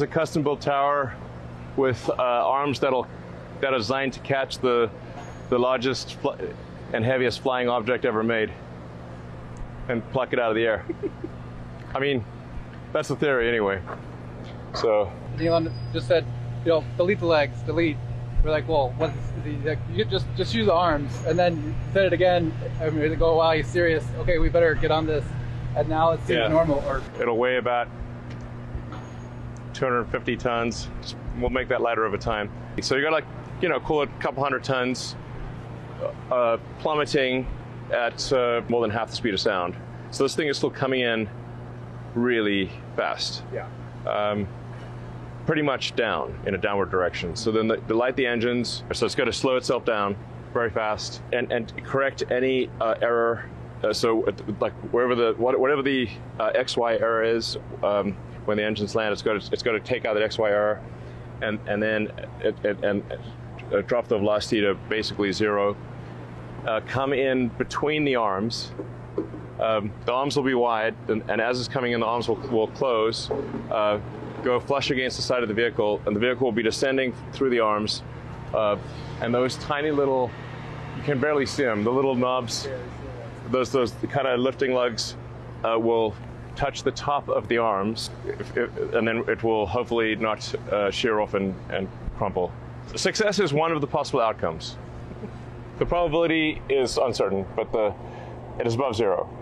is a custom built tower with uh, arms that'll that are designed to catch the the largest and heaviest flying object ever made and pluck it out of the air. I mean, that's the theory anyway. So Elon just said, you know, delete the legs, delete. We're like, well, what's the, like, you just just use the arms, and then said it again. I mean, they go, wow, you're serious. Okay, we better get on this. And now it seems yeah. normal. Or it'll weigh about 250 tons. We'll make that lighter over time. So you got like, you know, call it a couple hundred tons uh, plummeting at uh, more than half the speed of sound. So this thing is still coming in really fast. Yeah. Um, pretty much down in a downward direction. So then the, the light the engines, so it's gonna slow itself down very fast and, and correct any uh, error. Uh, so like wherever the, whatever the uh, XY error is, um, when the engine's land, it's got to, it's got to take out that XYR and, and then it, it, and uh, drop the velocity to basically zero. Uh, come in between the arms. Um, the arms will be wide, and, and, as it's coming in, the arms will, will close, uh, go flush against the side of the vehicle, and the vehicle will be descending through the arms. Uh, and those tiny little, you can barely see them, the little knobs, those, those kind of lifting lugs uh, will touch the top of the arms, if, if, and then it will hopefully not uh, shear off and, and crumple. Success is one of the possible outcomes. The probability is uncertain, but the, it is above zero.